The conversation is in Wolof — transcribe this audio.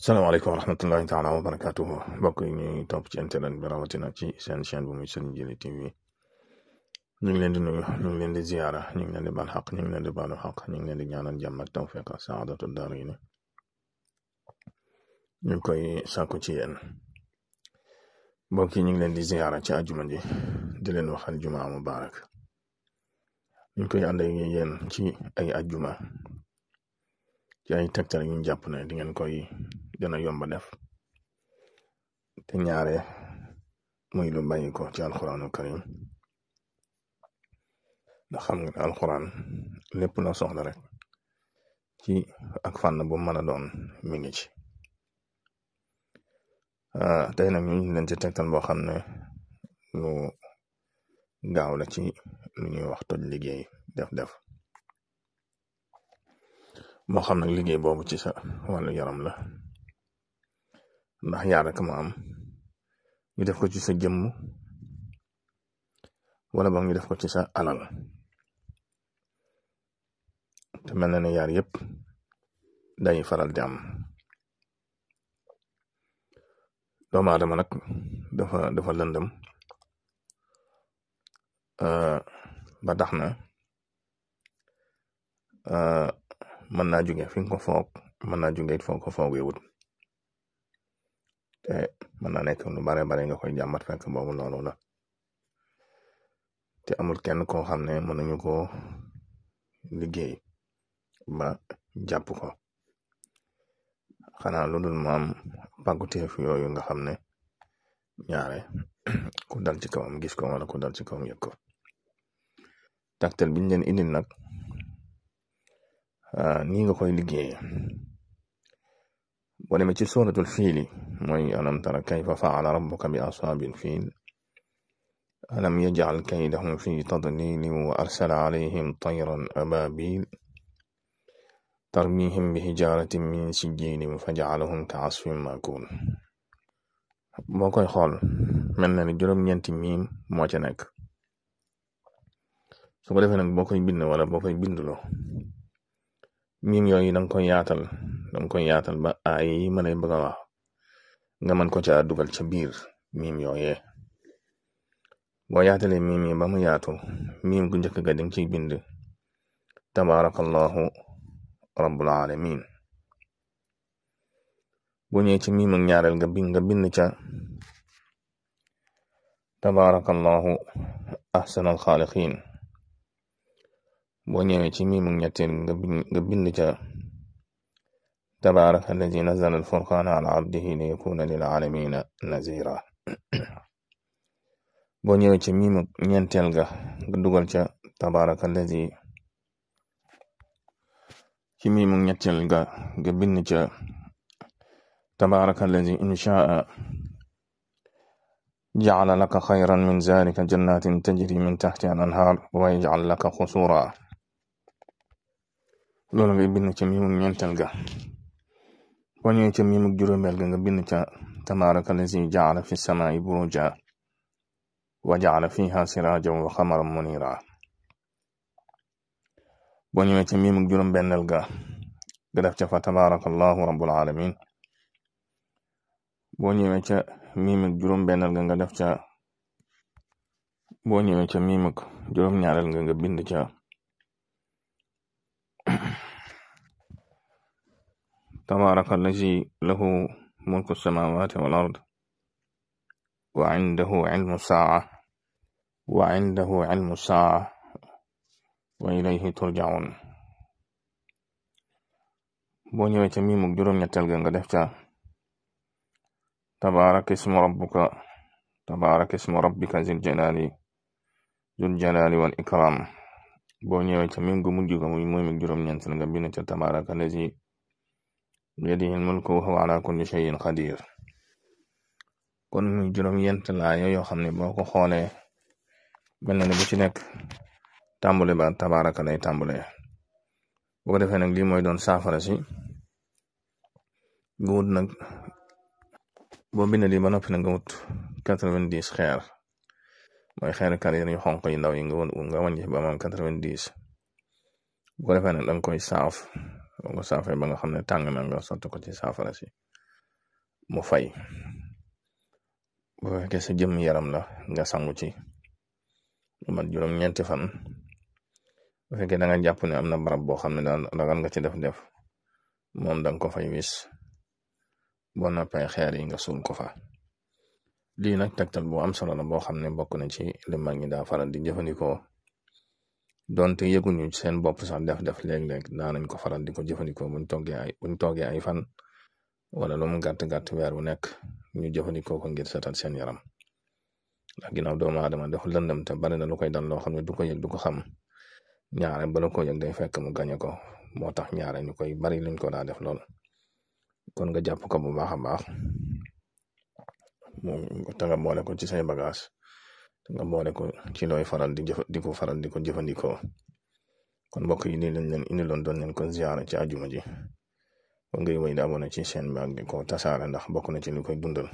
salaamaaleykum wa rahmatullahi taala wa barakaatuhu mbokk yi ñuy topp ci internet bi rawatina ci seen chaîne bu muy Serigne Djily TV ñu ngi leen di nuyu ñu ngi leen di ziyaara ñu ngi leen di baal xaq ñu ngi leen di baalu xaq ñu ngi leen di ñaanal jàmm ak tawfiq ak saadatu daarayni ñu koy sàkku ci yéen mbokk yi ñu ngi leen di ziyaara ci àjuma ji di leen waxal jumaa mubaarak ñu koy ànd ak yéen ci ay àjuma ci ay tegtal yu ñu jàpp ne di ngeen koy. dana yomba def te ñaare muy lu bàyyi ko ci alxuraanu karim xam nga alxuraan lépp la soxla rek ci ak fànn bu mën a doon mi ngi ci ah, tey nag ñu ngi leen ci tegtal boo xam ne lu gaaw la ci lu ñuy wax toj liggéey def-def moo xam nag liggéey boobu ci sa wàllu yaram la ndax ñaar rek ma am def ko ci sa jëmm wala boog ñu def ko ci sa alal te mel na ne yaar yëpp dañuy faral di am doomu aadama nag dafa dafa lëndëm ba tax na mën naa jóge fi ko foog mën naa junge it foog ko foogee wut te mën na nekk lu bare bare nga koy jàmmat fekk boobu noonu la te amul kenn koo xam ne mën nañu ko liggéey ba jàpp ko xanaa lu dul maam pàgguteef yooyu nga xam ne ñaare ku dal ci kawam gis ko wala ku dal ci kawam yëg ko taktel biñ leen indil nag ah, ni nga koy liggéey boo demee ci suratul fiili mooy alam tara kayfa faala rabbuka bi ashaabil fiil alam yaj'al kaydahum fi tadlilin wa arsala alayhim tayran ababil tarmihim bi hijaratin min sijjilin faj'alahum ka'asfin maakul boo koy xool mel na ni juróom-ñeenti miim moo ca nekk su ko defee nag boo koy bind wala boo koy bindloo miim yooyu danga koy yaatal danga koy yaatal ba ay yi ma nga mën ko caa dugal ca biir miim yooyee boo yaatale miim yi ba mu yaatu miim gu njëkk ga danga ciy bind tabaarakallahu rabbul alamin bu ñëwee ci miim ak ñaareel nga bind nga bind ca tabaarakallahu boo ñëwee ci miim ak ñetteel nga ca tabaaraka allazii nazzala al-furqaana alaa abdihi liyakuuna lil-aalamiina naziiraa boo ñëwee ca miimu ñeenteel ga nga dugal ca tabaaraka allazii ci miimu ñetteel ga nga bind ca tabaaraka allazii in shaa'a ja'ala laka xayran min zaalika jannaatin tajrii min tahtihaa al-anhaar wa yaj'al laka qusuuraa loolu ngay bind ca miimu ñeenteel ga boo ñëwee ca miimug ga nga bind ca tabaaraka jaala fi samaai buruja wa jaala fiha siraajan wa xamaran munira boo ñëwee ca miimug juróom-benneel ga nga def fa tabaaraka allahu rabbul alamin boo ñëwee ca miimug juróom-benneel ga nga def ca boo ñëwee ca miimug juróom nga bind ca تبارك الذي له ملك السماوات والأرض وعنده علم الساعة وعنده علم الساعة وإليه ترجعون boo ñëwee ca miimu juróom-ñettel ga nga def ca tabaraka ismu rabbuka tabaraka ismu rabbika zil jalali zul jalali wal ikram boo ñëwee ca miim gu mujj ga muy muy juróom-ñeent nga bind ca tabaraka lazi biyadihi l-mulku wa huwa alaa kulli shay'in qadiir kon muy juróom-ñeent laaya yoo xam ne boo ko xoolee mel na ne bu ci nekk tàmbale ba tabaaraka lay tàmbale bo ko defee nag lii mooy doon saafara si nga wut nag boo bind lii ba noppi nag nga wut quatre-vingt-dix xeer mooy xeer carrière yu xonq yu ndaw yi nga won nga wàññi ba moom quatre-vingt-dix bu ko defee koy saaf o ko saafee ba nga xam ne tàng na nga sotti ko ci saafara si mu fay bu fekkee sa jëm yaram la nga sangu ci lu mat juróom-ñeenti fan bu fekkee da nga jàpp ne am na barab boo xam ne daal ragal nga ci def-def moom dang nga ko fay wis boo noppee xeer yi nga suul ko fa. lii nag tegtal bu am solo la boo xam ne bokk na ci li mag ñi daa faral di jëfandikoo. donte yëguñu seen bopp sax def-def léeg-léeg daan nañ ko faral di ko jëfandikoo buñ toggee ay buñ toggee ay fan wala lu mu gàtt gàtt weer wu nekk ñu jëfandikoo ko ngir setal seen yaram ndax ginnaaw doomu aadama dafa lëndëm te bari na lu koy dal loo xam ne du ko yëg du ko xam ñaare bala ko yëg day fekk mu gañe ko moo tax ñaare ñu koy bari luñ ko daa def lool kon nga jàpp ko bu baax a baax mu tanga boole ko ci say bagage nga boole ko ci looy faral di jëf di ko faral di ko jëfandikoo kon mbokk yi nii lañ leen indiloon doon leen ko ziara ci àjjuma ji ko ngay wéy di abonné ci chaîne bi ak di ko tasaare ndax bokk na ci li koy dundal.